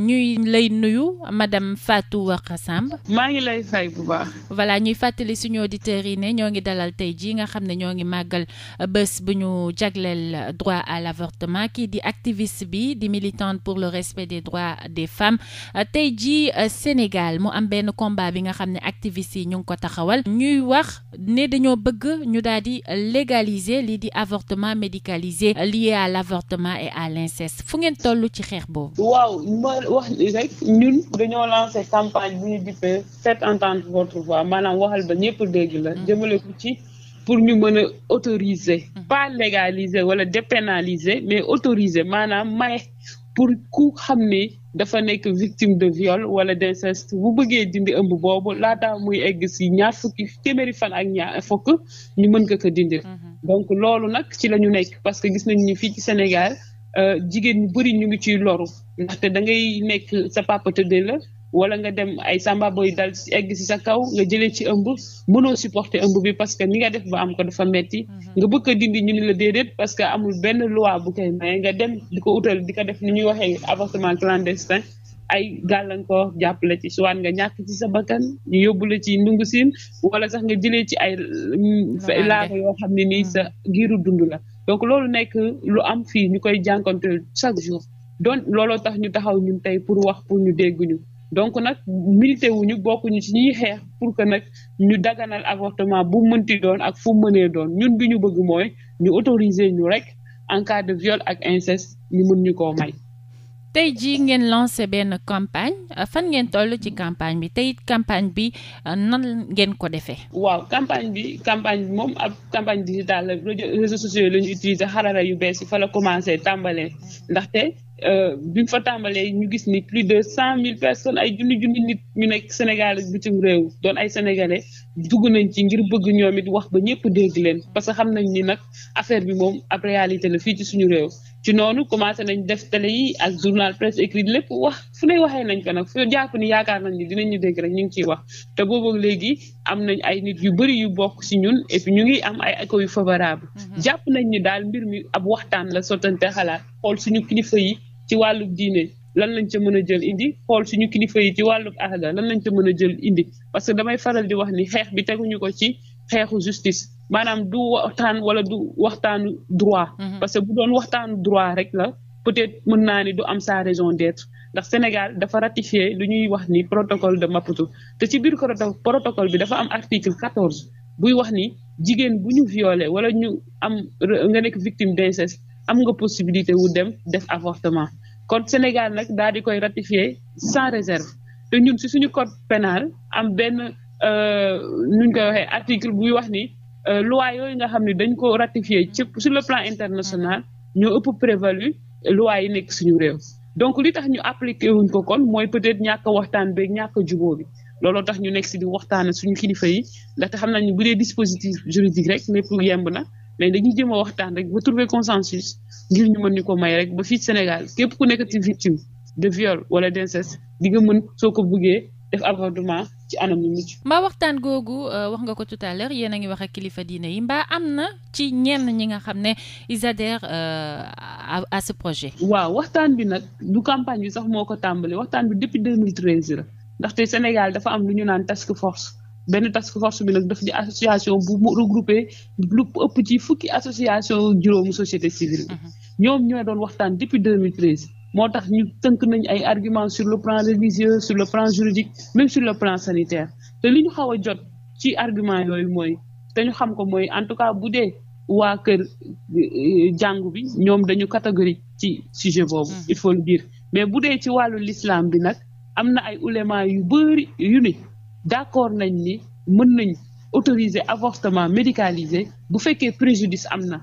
ñuy lay nuyu madame Fatou Warkha Samb maa ngi lay fay ñuy fàttali suñu auditeurs yi ne ñoo ngi dalal tey jii nga xam ne ñoo ngi màggal bés bu ñu jagleel droit à l'avortement kii di activiste bi di militante pour le respect des droits des femmes tey jii Sénégal mu am benn combat bi nga xam ne activiste yi ñu ngi ko taxawal ñuy wax ne dañoo bëgg ñu daal di légaliser lii di avortement médicalisé lié à l'avortement et à l'inceste fu ngeen tollu ci xeex boobu. wax rek ñun dañoo lancé campagne bu ñu dippee faites entendre votre voix maanaam waxal ba ñëpp dégg la mm. jëmale ko ci pour ñu mën a autoriser mm. pas légaliser wala dépénaliser mais autoriser maanaam may pour ku xam ni dafa nekk victime de viol wala d'inceste bu bëggee dindi ëmb boobu laataa muy egg si ñaar fukki téeméeri fan ak ñaar fukk ñu mën ko ko dindi mm-hmm. donc loolu nag ci la ñu nekk parce que gis nañu ni fii ci Sénégal Euh, jigéen ñu bëri ñu ngi ci loru ndaxte da ngay nekk sa papa tëddee la wala nga dem ay samba boy dal egg si sa kaw nga jëlee ci ëmb mënoo supporter ëmb bi parce que ni nga def ba am ko dafa metti mhm. nga bëgg a dindi ñu ni la déedéet parce que amul benn loi bu koy maye nga dem di ko utal di ko def ni ñuy waxee avortement clandestin ay gàllankoor jàppale ci suwaan nga ñàkk ci sa bakkan ñu yóbbu la ci ndungu siin wala sax nga jëlee ci ay mm, laaba yoo xam ne ni sa giiru dund la donc loolu nekk lu am fii ñu koy jànkonte chaque jour donc looloo tax ñu taxaw ñun tey pour wax pour ñu dégguñu donc nag milité wuñu bokkuñu ci ñuy xeex pour que nag ñu daganal avortement bu mënti doon ak fu mënee doon ñun bi ñu bëgg mooy ñu autoriser ñu rek en cas de viol ak inceste ñu mën ñu koo may tey jii ngeen lancé benn campagne euh, fan ngeen toll ci campagne bi tey campagne bi euh, nan ngeen ko defee. waaw campagne bi campagne bi moom ab campagne digitale la réseaux sociaux yi la ñu utiliser xarala yu bees yi fa la commencé tàmbalee ndaxte. Euh, bi mu fa tàmbalee ñu gis ni plus de cent mille personnes ay junni junni nit ñu nekk Sénégal ak bitim réew doon ay sénégalais dugg nañ ci ngir bëgg ñoom it wax ba ñëpp dégg leen parce que xam nañ ni nag affaire bi moom ab réalité la fii ci suñu réew. ci noonu commencé nañ def tele yi ak journal presse écrit lépp wax fu ne waxee nañ ko nag fu jàpp yaakaar nañ ni dinañ ñu dégg ñu ngi ciy wax te boobu léegi am nañ ay nit yu bëri yu bokk si ñun ñu ngi am ay écho yu favorable mhm. jàpp nañ ni daal mbir mi ab waxtaan la sottante xalaat xool suñu kilifa yi ci wàllu diine lan lañ ca mën a jël indi xool suñu kilifa yi ci wàllu aada lan lañ ca mën a jël indi parce que damay faral di wax ni xeex bi teguñu ko ci xeexu justice maanaam du waxtaan wala du waxtaanu droit. Mhm. parce que bu doon waxtaanu droit rek la peut-être mën naa ni du am sa raison d'être ndax Sénégal dafa ratifié lu ñuy wax ni protocole de Maputo te ci biir protocole bi dafa am article quatorze buy wax ni jigéen bu ñu violé wala ñu am nga nekk victime d'inceste am nga possibilité wu dem def avortement kon Sénégal nag daal di koy ratifié sans réserve te ñun si suñu code pénal am benn euh, nuñ koy waxee article buy wax ni. Euh, loi yooyu nga xam ne dañ ko ratifié ci sur le plan international ñoo ëpp prévalu loi yi nekk suñu réew donc li tax ñu appliqué wuñ ko kon mooy peut-être ñàkk waxtaan beeg ñàkk juboo bi looloo tax ñu nekk si di waxtaan suñu kilifa yi ndaxte xam ñu bu dee dispositif juridique rek lépp yemb na mais dañuy jëm a waxtaan rek ba trouver consensus ngir ñu mën ñu ko may rek ba fii Sénégal képp ku nekk ci victime de viol wala d'inceste di nga mën soo ko bëggee def avortement ci anam yu mucc mbaa waxtaan googu euh, wax nga ko tout à l'heure yéen a ngi wax ak kilifa diine yi mbaa am na ci ñenn ñi nga xam ne ils adhèrent euh, à ce projet waaw waxtaan bi nag du campagne bi sax moo ko tàmbali waxtaan bi depuis 2013 la ndaxte Sénégal dafa am lu ñu naan task force benn task force bi nag daf di association bu regroupé lu ëpp ci fukki association juróomi société civile bi mhm. ñoom ñoo doon waxtaan depuis 2013 moo tax ñu tënk nañ ay arguments sur le plan religieux sur le plan juridique même sur le plan sanitaire te li ñu xaw a jot ci argument yooyu mooy te ñu xam ko mooy en tout cas bu dee waa kër euh, jàngu bi ñoom dañu catégorie ci sujet boobu mm-hmm. il faut le mais bu dee ci wàllu l'islam bi nag am na ay uléma yu bëri yu ni d'accord nañ ni mën nañ autoriser avortement médicalisé bu fekkee préjudice am na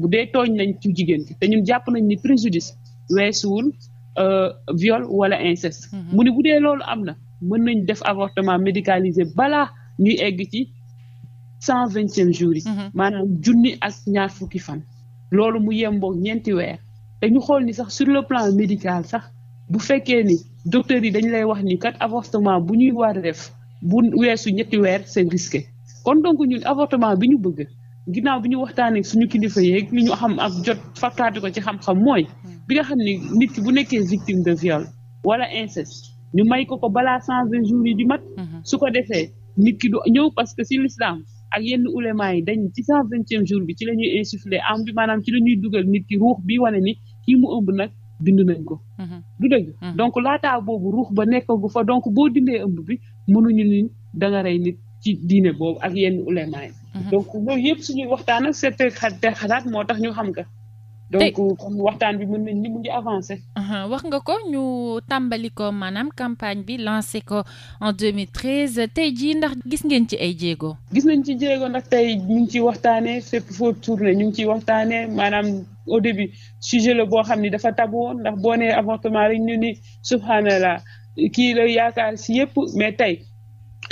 bu dee tooñ nañ ci jigéen ki te ñun jàpp nañ ni préjudice weesuwul euh, viol wala inceste mhm. mu ni bu dee loolu am na mën nañ def avortement médicalisé balaa ñuy egg ci cent vingtième jour yi mhm. maanaam junni as ñaar fukki fan loolu mu yembook ñeenti weer te ñu xool ni sax sur le plan médical sax bu fekkee ni docteur yi dañ lay wax ni kat avortement bu ñuy war a def bu weesu ñetti weer c'est risqué kon donc ñun avortement bi ñu bëgg ginnaaw bi ñu waxtaanee suñu kilifa yeeg li ñu xam ak jot fakkaati ko ci xam-xam mooy hmm. bi nga xam ni nit ki bu nekkee victime de viol wala inceste ñu may ko ko balaa cent vingt jours yi di mat hmm. su ko defee nit ki du ñëw parce que si l'islam ak yenn ulema yi dañ ci cent vingtième jour bi ci la ñuy insuffler am bi maanaam ci la ñuy dugal nit ki ruux bi wane ni kii mu ëmb nag bind nañ ko hmm. du dëgg donc laataa boobu ruux ba nekkagu fa donc boo dindee ëmb bi mënuñu ni da nga rey nit ci diine boobu ak yenn ulema yi. Mhm. donc loolu yëpp suñuy waxtaan ak seet xalaat moo tax ñu xam nga. donc kon waxtaan bi mën nañ ni mu avancé. wax nga ko ñu tambali ko maanaam campagne bi lancé ko en 2013 tey jii ndax gis ngeen ci ay jéego. gis nañ ci jéego ndax tey ñu ngi ciy waxtaanee fépp foo tourné ñu ngi ciy waxtaanee maanaam au début sujet la boo xam ni dafa tabu woon ndax boo nee avortement rek ñu ni subhanallah kii la si yëpp mais tey.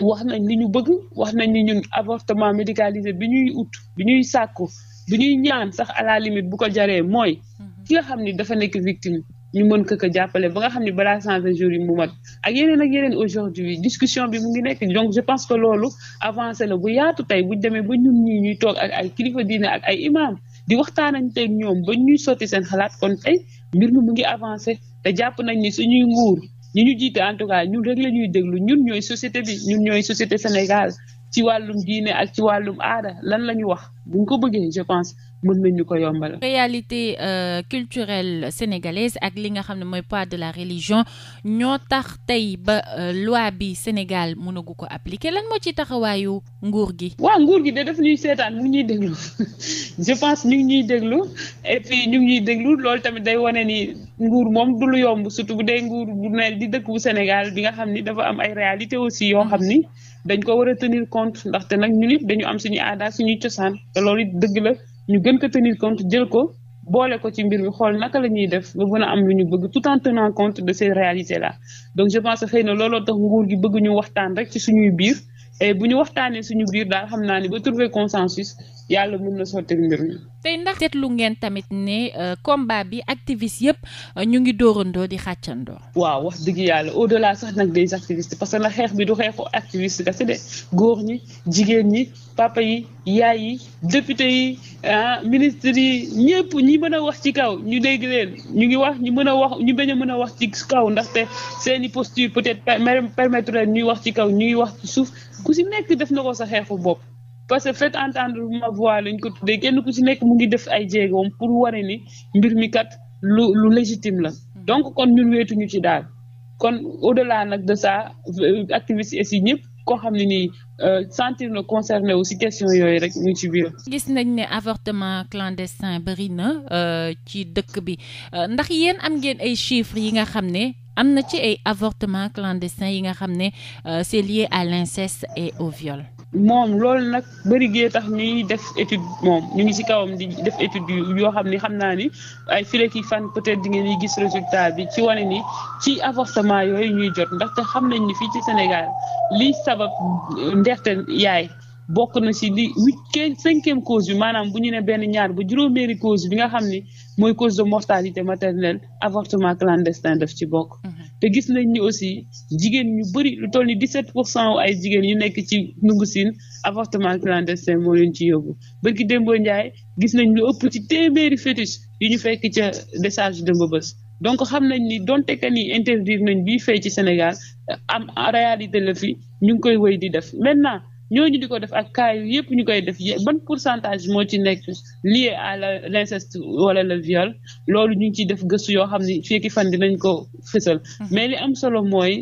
wax nañ li ñu bëgg wax nañ ni ñun avortement médicalisé bi ñuy ut bi ñuy sàkku bi ñuy ñaan sax à la limite bu ko jaree mooy mhm. ki nga xam ni dafa nekk victime ñu mën ko ko jàppale ba nga xam ni balaa cent vingt jours yi mu mat ak yeneen ak yeneen aujourd'hui discussion bi mu ngi nekk donc je pense que loolu avancé la bu yaatu tey bu demee ba ñun ñii ñuy toog ak ay kilifa diine ak ay imam di teeg ñoom ba ñuy sotti seen xalaat kon tey mbir mi mu ngi avancé te jàpp nañ ni suñuy nguur ñi ñu jiite en tout cas ñun rek la ñuy déglu ñun ñooy société bi ñun ñooy société Sénégal ci wàllum diine ak ci wàllum aada lan la ñu wax buñ ko bëggee je pense mën ñu ko yombal. réalité euh, culturelle sénégalaise ak li nga xam ne mooy poids de la religion ñoo tax tey ba euh, loi bi Sénégal mënagu ko appliquer lan moo ci taxawaayu nguur gi. waaw nguur gi de daf ñuy seetaan mu ñuy déglu je pense ñu ngi ñuy déglu et puis ñu ñuy déglu loolu tamit day wane nii nguur moom du lu yomb surtout bu dee nguur bu mel di dëkk bu Sénégal bi nga xam ni dafa am ay réalité aussi yoo xam ni dañ ko war a tenir compte ndaxte nag ñu nit dañu am suñu aada suñu cosaan te loolu it dëgg la ñu gën ko tenir compte jël ko boole ko ci mbir mi xool naka la ñuy def nga mën a am lu ñu bëgg tout en tenant compte de ces réalités là donc je pense que xëy na looloo tax nguur gi bëgg ñu waxtaan rek ci suñuy biir et eh, bu ñu waxtaanee suñu biir daal xam naa ne ba trouver consensus yàlla mën na sottil mbir mi. tey ndax seetlu ngeen tamit ne euh, combat bi activiste yëpp euh, ñu ngi dóorandoo di xàccandoo. waaw wax dëgg yàlla au delà sax nag des activistes parce que na xeex bi du xeexu activiste kese de góor ñi jigéen ñi papa yi yaay yi député yi ah ministre yi ñëpp ñi mën a wax ci kaw ñu dégg leen ñu ngi wax ñu mën a wax ñu bañ a mën a wax ci kaw ndaxte seeni posture peut-être permettre leen ñuy wax ci kaw ñuy wax suuf. ku si nekk def na ko sa xeexu bopp parce que fait entendre ma voix lañ ko tuddee kenn ku si nekk mu ngi def ay jéegoom pour wane ni mbir mi kat lu lu légitime la hmm. donc kon ñun weetuñu ci daal kon au la nag de ça euh, activistes yi si ñëpp koo xam ne nii euh, sentir na concerné aussi question yooyu rek ñu ci biir. gis nañ ne avortement clandestin bëri na euh, ci dëkk bi ndax yéen am ngeen ay chiffres yi nga xam ne. am na ci ay avortement clandestin yi nga xam ne euh, c'est lié à l'inceste et au viol moom loolu nag bëri gee tax ñuy def étude moom ñu ngi ci kawam di def étude yoo xam ni xam naa ni ay fileki fan peut-être di ngeen gis résultat bi ci wane ni ci avortement yooyu ñuy jot ndaxte xam nañ ni fii ci Sénégal li sabab euh, nderte yaay bokk na ci li huit cinquième cause bi maanaam bu ñu ne benn ñaar ba juróomeeri cause bi nga xam ni mooy cause de mortalité maternelle avortement clandestin daf ci bokk. Mhm. te gis nañ ni aussi jigéen ñu bëri lu toll ni 17 pour cent ay jigéen yu nekk ci nungu Sine avortement clandestin moo leen ci yóbbu barki Demba Ndiaye gis nañ lu ëpp ci téeméeri fétiche yi ñu fekk ca décharge de bës donc xam nañ ni donte que ni interdire nañ bi fay ci Sénégal am réalité la fi ñu ngi koy wéy di def maintenant. ñooñu di ko def ak cas yu yëpp ñu koy def ban pourcentage moo ci nekk lié à la l'inceste wala le viol loolu ñu ngi ciy def gëstu yoo xam ne fekki fan dinañ ko fësal mm-hmm. mais li am solo mooy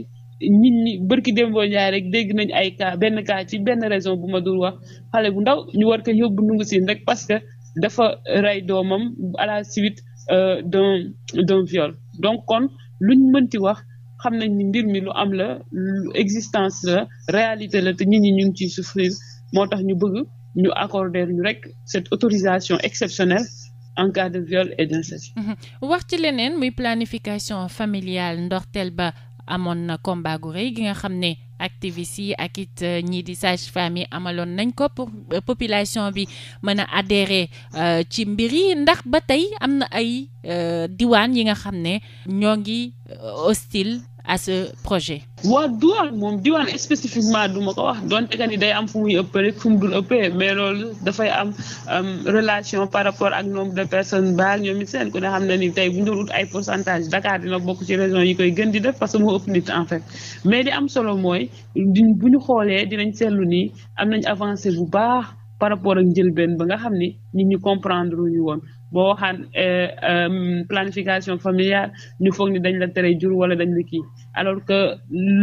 nit ñi bërki démboo ñaar rek dégg nañ ay ka benn cas ci benn raison bu ma dul wax xale bu ndaw ñu war ko yóbbu nungu siin rek parce que dafa rey doomam à la suite euh, d'un d'un viol donc kon luñ mënti wax xam nañ ni mbir mi lu am la lu existence la réalité la te nit ñi ñu ngi ciy souffrir moo tax ñu bëgg ñu accorder ñu rek cette autorisation exceptionnelle en cas de viol et d'inceste. Mhm. wax ci leneen muy planification familiale ndorteel ba amoon na combat gu rëy gi nga xam ne activistes yi ak it euh, ñii di sage-femme yi amaloon nañ ko euh, population bi mën a adhérer euh, ci mbir yi ndax ba tey am na ay diwaan yi nga xam ne ñoo ngi hostile à ce projet. waa diwaan moom diwaan spécifiquement du ma ko wax donte que ni day am fu muy ëpp fu mu dul ëppee mais loolu dafay am relation par rapport ak nombre de personnes baa ñoom it seen ko ne xam ne ni tey bu ñu doon ut ay pourcentage Dakar dina bokk ci région yi koy gën di def parce que moo ëpp nit en fait mais di am solo mooy di bu ñu xoolee dinañ seetlu nii am nañ avancé bu baax par rapport ak jël benn ba nga xam ni nit ñi comprendre ñu woon. bo waxaan euh, euh, planification familiale ñu foog ni dañ la tere jur wala dañ la kii alors que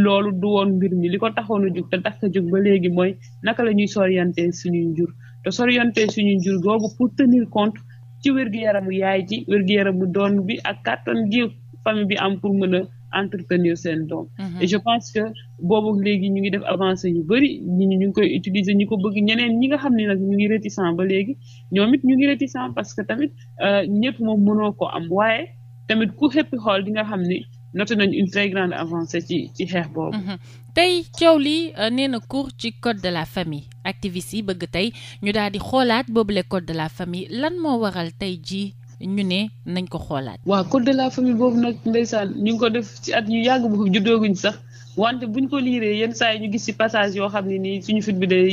loolu du woon mbir mi li ko taxoon a jug te tax a jug ba léegi mooy naka la ñuy sorienté suñuy jur te sorienté suñuy jur googu pour tenir compte ci wér-gu-yaramu yaay ji wér-gu-yaramu doon bi ak kàttan gi famille bi am pour mën a entretenir seen doom mhm. et je pense que boobu léegi ñu ngi def avancé yu bëri ñi ñu ngi koy utiliser ñu ko bëgg ñeneen ñi nga xam ne nag ñu ngi réticent ba léegi ñoom it ñu ngi réticent parce que tamit euh, ñëpp moom mënoo ko am waaye tamit ku xëppi xool di nga xam ni noté nañ une très grande avancée ci ci xeex boobu mhm. tey coow li euh, nee na cour ci code de la famille activistes yi bëgg tey ñu daal di xoolaat boobule code de la famille lan moo waral tey jii ñu ne nañ ko xoolaat. waaw code de la famille boobu nag ndeysaan ñu ngi ko def ci at ñu yàgg boobu juddooguñ sax wante buñ ko liiree yenn saa yi ñu gis ci passage yoo xam ne nii suñu fit bi day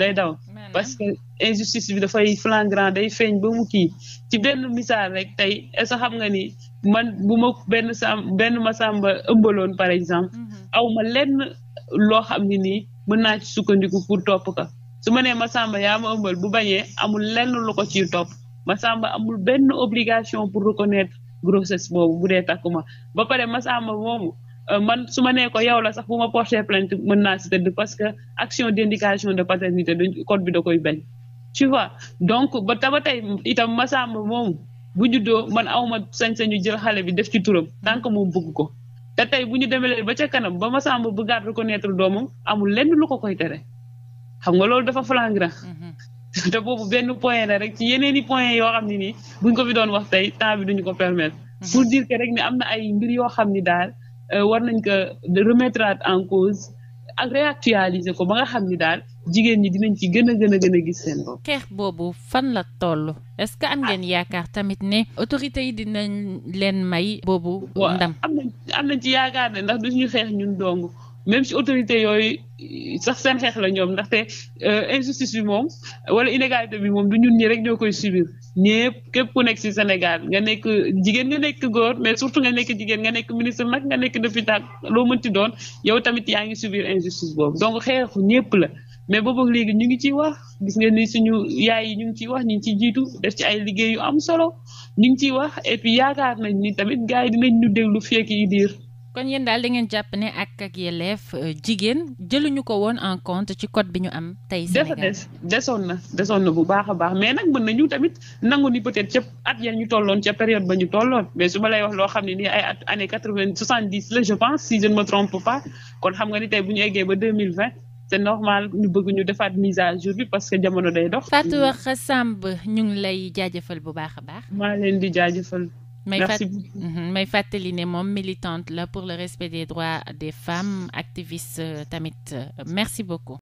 day daw. parce que injustice bi dafay flagrant day feeñ ba mu kii ci benn misaal rek tey est xam nga ni man bu ma benn sam benn ma masamba ëmbaloon par exemple. Mhm. aw ma lenn loo xam ne nii mën naa ci sukkandiku pour topp ko su ma nee masamba yaa ma ëmbal bu bañee amul lenn lu ko ciy topp. Masamba amul benn obligation pour reconnaître grossesse boobu bu dee takkuma ba pare Masamba moomu euh, man suma ma nee ko yow la sax bu ma porté plainte mën naa si tëdd parce que action d'indication de paternité dañ code bi da koy bañ tu vois donc ba taba tey itam Masamba moomu bu juddoo man awma sañ-sañu jël xale bi def ci turam tant que moom bëgg ko te tey bu ñu demalee ba ca kanam ba Masamba bëggaat reconnaître doomam amul lenn lu ko koy tere xam nga loolu dafa flagrant mm-hmm. te boobu benn point la rek ci yeneen i point yoo xam ne nii buñ ko fi doon wax tey temps bi duñu ko permetre mhm. pour diir que rek ni am na ay mbir yoo xam ni daal euh, war nañ ko remettre en cause ak réactualiser ko ba nga xam ni daal jigéen ñi dinañ ci gën a gën a gën a gis seen bopp. xeex boobu fan la toll est-ce que am ngeen yaakaar tamit ne autorités yi dinañ leen may boobu ndam am nañ am nañ ci yaakaar ne ndax duñu xeex ñun dong même si autorité yooyu euh, sax seen xeex la ñoom ndaxte euh, injustice bi moom wala inégalité bi moom du ñun ñi rek ñoo koy subir ñëpp képp ku nekk ci Sénégal nga nekk jigéen nga nekk góor mais surtout nga nekk jigéen nga nekk ministre nag nga nekk député loo mënti doon yow tamit yaa ngi subir injustice boobu donc xeexu ñëpp la mais boobu léegi ñu ngi ciy wax gis nga ni suñu yaay yi ñu ngi ciy wax ñu ngi ciy jiitu def ci ay liggéey yu am solo ñu ngi ciy wax yaakaar nañ ni tamit gars yi dinañ ñu déglu fekk yi diir. kon yéen daal da ngeen jàpp ne ak ak yelleef euh, jigéen jëlu ñu ko woon en compte ci code bi ñu am tey Sénégal des desoon na desoon bu baax a baax mais nag mën nañu tamit nangu ni peut-être ca at yan ñu tolloon ca période ba ñu tolloon mais su ma lay wax loo xam ne ni ay at année quatre-vingt soixante-dix la je pense si je ne trompe pas kon xam nga ni tey bu ñu eggee ba deux mille vingt c'est normal ñu bëgg ñu defaat mise à jour bi parce que jamono day dox. Fatou Samb lay jaajëfal bu baax a baax. maa leen di jaajëfal. Merci Mayfat, beaucoup. Mhm. Mayfat moom militante la pour le respect des droits des femmes activiste euh, tamit euh, merci beaucoup.